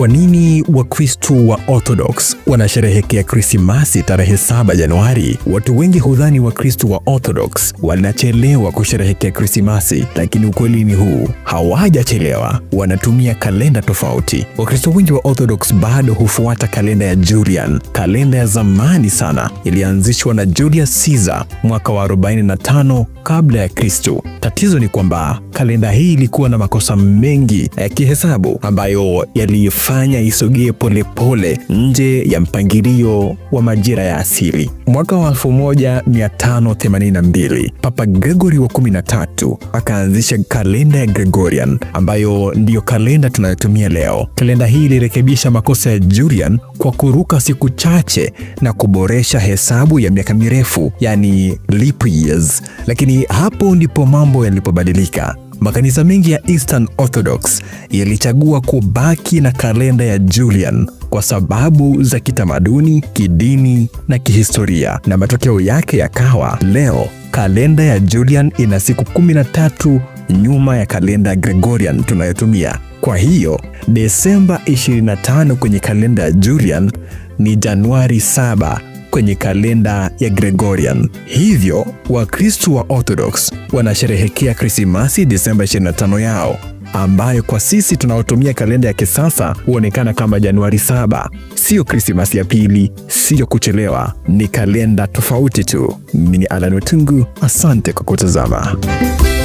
Kwa nini Wakristo wa Orthodox wanasherehekea Krismasi tarehe 7 Januari. Watu wengi hudhani Wakristo wa Orthodox wanachelewa kusherehekea Krismasi, lakini ukweli ni huu, hawajachelewa, wanatumia kalenda tofauti. Wakristo wengi wa Orthodox bado hufuata kalenda ya Julian, kalenda ya zamani sana ilianzishwa na Julius Caesar mwaka wa 45 kabla ya Kristo. Tatizo ni kwamba kalenda hii ilikuwa na makosa mengi ya kihesabu ambayo yaliifanya isogee polepole nje ya mpangilio wa majira ya asili. Mwaka wa 1582 Papa Gregory wa 13 akaanzisha kalenda ya Gregorian ambayo ndiyo kalenda tunayotumia leo. Kalenda hii ilirekebisha makosa ya Julian kwa kuruka siku chache na kuboresha hesabu ya miaka mirefu, yani leap years. Lakini hapo ndipo mambo yalipobadilika. Makanisa mengi ya Eastern Orthodox yalichagua kubaki na kalenda ya Julian kwa sababu za kitamaduni, kidini na kihistoria, na matokeo yake yakawa leo kalenda ya Julian ina siku 13 nyuma ya kalenda Gregorian tunayotumia. Kwa hiyo Desemba 25 kwenye kalenda ya Julian ni Januari 7 kwenye kalenda ya Gregorian. Hivyo Wakristo wa Orthodox wanasherehekea Krismasi Desemba 25 yao ambayo kwa sisi tunaotumia kalenda ya kisasa huonekana kama Januari saba. Siyo Krismasi ya pili, siyo kuchelewa, ni kalenda tofauti tu. Mimi ni Alan Wetungu, asante kwa kutazama.